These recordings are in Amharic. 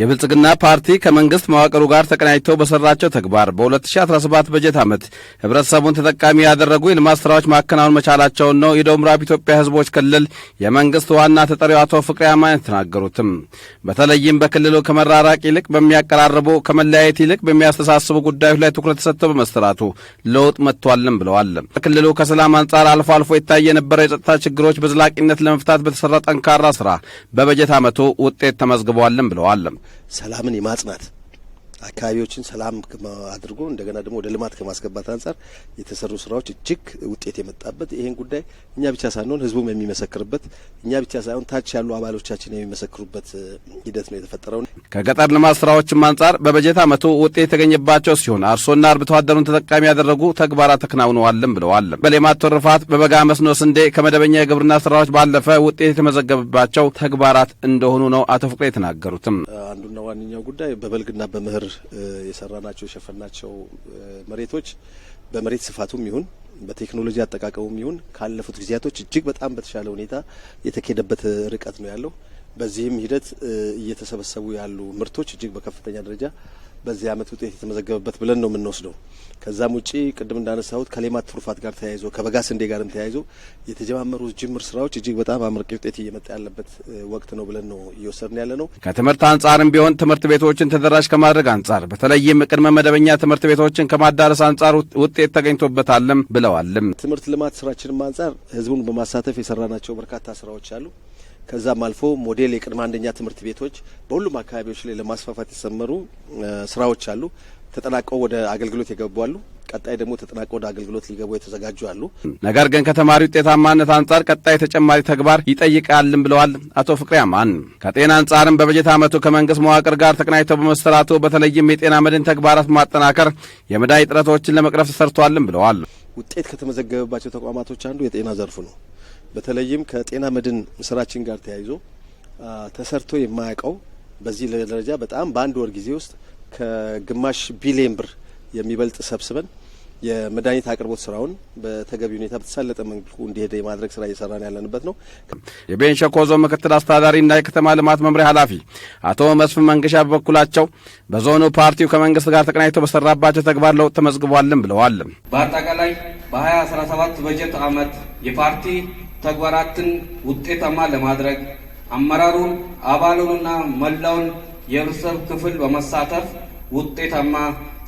የብልጽግና ፓርቲ ከመንግስት መዋቅሩ ጋር ተቀናጅተው በሰራቸው ተግባር በ2017 በጀት ዓመት ህብረተሰቡን ተጠቃሚ ያደረጉ የልማት ሥራዎች ማከናወን መቻላቸውን ነው የደቡብ ምዕራብ ኢትዮጵያ ህዝቦች ክልል የመንግስት ዋና ተጠሪው አቶ ፍቅሬ አማን የተናገሩትም። በተለይም በክልሉ ከመራራቅ ይልቅ በሚያቀራርቡ ከመለያየት ይልቅ በሚያስተሳስቡ ጉዳዮች ላይ ትኩረት ተሰጥቶ በመሰራቱ ለውጥ መጥቷልም ብለዋል። በክልሉ ከሰላም አንጻር አልፎ አልፎ የታየ የነበረው የጸጥታ ችግሮች በዘላቂነት ለመፍታት በተሠራ ጠንካራ ሥራ በበጀት ዓመቱ ውጤት ተመዝግቧልም ብለዋል። ሰላምን የማጽናት አካባቢዎችን ሰላም አድርጎ እንደገና ደግሞ ወደ ልማት ከማስገባት አንጻር የተሰሩ ስራዎች እጅግ ውጤት የመጣበት ይህን ጉዳይ እኛ ብቻ ሳንሆን ህዝቡም የሚመሰክርበት እኛ ብቻ ሳይሆን ታች ያሉ አባሎቻችን የሚመሰክሩበት ሂደት ነው የተፈጠረው። ከገጠር ልማት ስራዎችም አንጻር በበጀት ዓመቱ ውጤት የተገኘባቸው ሲሆን አርሶና አርብቶ አደሩን ተጠቃሚ ያደረጉ ተግባራት ተከናውነዋልም ብለዋል። በሌማት ትሩፋት በበጋ መስኖ ስንዴ ከመደበኛ የግብርና ስራዎች ባለፈ ውጤት የተመዘገበባቸው ተግባራት እንደሆኑ ነው አቶ ፍቅሬ የተናገሩትም። አንዱና ዋነኛው ጉዳይ በበልግና በምህር የሰራናቸው የሸፈናቸው መሬቶች በመሬት ስፋቱም ይሁን በቴክኖሎጂ አጠቃቀሙም ይሁን ካለፉት ጊዜያቶች እጅግ በጣም በተሻለ ሁኔታ የተካሄደበት ርቀት ነው ያለው። በዚህም ሂደት እየተሰበሰቡ ያሉ ምርቶች እጅግ በከፍተኛ ደረጃ በዚህ አመት ውጤት የተመዘገበበት ብለን ነው የምንወስደው። ከዛም ውጪ ቅድም እንዳነሳሁት ከሌማት ትሩፋት ጋር ተያይዞ ከበጋ ስንዴ ጋርም ተያይዞ የተጀማመሩ ጅምር ስራዎች እጅግ በጣም አመርቂ ውጤት እየመጣ ያለበት ወቅት ነው ብለን ነው እየወሰድን ያለ ነው። ከትምህርት አንጻርም ቢሆን ትምህርት ቤቶችን ተደራሽ ከማድረግ አንጻር በተለይም ቅድመ መደበኛ ትምህርት ቤቶችን ከማዳረስ አንጻር ውጤት ተገኝቶበታልም ብለዋልም። ትምህርት ልማት ስራችንም አንጻር ህዝቡን በማሳተፍ የሰራናቸው በርካታ ስራዎች አሉ። ከዛም አልፎ ሞዴል የቅድመ አንደኛ ትምህርት ቤቶች በሁሉም አካባቢዎች ላይ ለማስፋፋት የሰመሩ ስራዎች አሉ። ተጠናቀው ወደ አገልግሎት የገቡ አሉ። ቀጣይ ደግሞ ተጠናቀው ወደ አገልግሎት ሊገቡ የተዘጋጁ አሉ። ነገር ግን ከተማሪ ውጤታማነት አንጻር ቀጣይ ተጨማሪ ተግባር ይጠይቃልም ብለዋል አቶ ፍቅሪ አማን። ከጤና አንጻርም በበጀት ዓመቱ ከመንግስት መዋቅር ጋር ተቀናጅተው በመሰራቱ በተለይም የጤና መድን ተግባራት ማጠናከር የመዳይ ጥረቶችን ለመቅረፍ ተሰርቷልም ብለዋል። ውጤት ከተመዘገበባቸው ተቋማቶች አንዱ የጤና ዘርፍ ነው። በተለይም ከጤና መድን ስራችን ጋር ተያይዞ ተሰርቶ የማያውቀው በዚህ ደረጃ በጣም በአንድ ወር ጊዜ ውስጥ ከግማሽ ቢሊየን ብር የሚበልጥ ሰብስበን የመድኃኒት አቅርቦት ስራውን በተገቢ ሁኔታ በተሳለጠ መልኩ እንዲሄደ የማድረግ ስራ እየሰራን ያለንበት ነው። የቤንች ዞን ምክትል አስተዳዳሪና የከተማ ልማት መምሪያ ኃላፊ አቶ መስፍን መንገሻ በበኩላቸው በዞኑ ፓርቲው ከመንግስት ጋር ተቀናጅቶ በሰራባቸው ተግባር ለውጥ ተመዝግቧልም ብለዋል። በአጠቃላይ በ2017 በጀት ዓመት የፓርቲ ተግባራትን ውጤታማ ለማድረግ አመራሩን አባሉንና መላውን የህብረተሰብ ክፍል በመሳተፍ ውጤታማ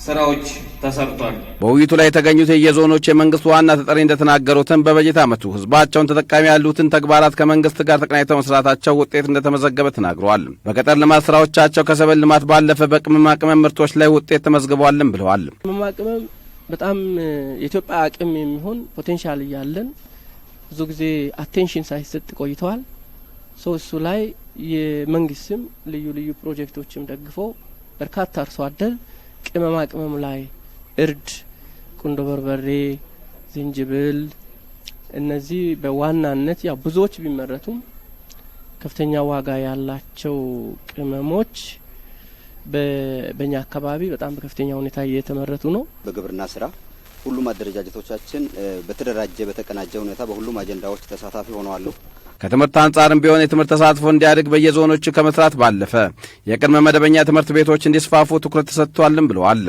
ስራዎች ተሰርቷል። በውይይቱ ላይ የተገኙት የየዞኖች የመንግስት ዋና ተጠሪ እንደተናገሩትን በበጀት ዓመቱ ህዝባቸውን ተጠቃሚ ያሉትን ተግባራት ከመንግስት ጋር ተቀናጅተው መስራታቸው ውጤት እንደተመዘገበ ተናግረዋል። በገጠር ልማት ስራዎቻቸው ከሰብል ልማት ባለፈ በቅመማ ቅመም ምርቶች ላይ ውጤት ተመዝግቧልን ብለዋል። ቅመማ ቅመም በጣም የኢትዮጵያ አቅም የሚሆን ፖቴንሻል እያለን ብዙ ጊዜ አቴንሽን ሳይሰጥ ቆይተዋል። ሰው እሱ ላይ የመንግስትም ልዩ ልዩ ፕሮጀክቶችም ደግፈው በርካታ አርሶ አደር ቅመማ ቅመም ላይ እርድ፣ ቁንዶ በርበሬ፣ ዝንጅብል እነዚህ በዋናነት ያው ብዙዎች ቢመረቱም ከፍተኛ ዋጋ ያላቸው ቅመሞች በእኛ አካባቢ በጣም በከፍተኛ ሁኔታ እየተመረቱ ነው። በግብርና ስራ ሁሉም አደረጃጀቶቻችን በተደራጀ በተቀናጀ ሁኔታ በሁሉም አጀንዳዎች ተሳታፊ ሆነዋል። ከትምህርት አንጻርም ቢሆን የትምህርት ተሳትፎ እንዲያድግ በየዞኖች ከመስራት ባለፈ የቅድመ መደበኛ ትምህርት ቤቶች እንዲስፋፉ ትኩረት ተሰጥቷልም ብለዋል።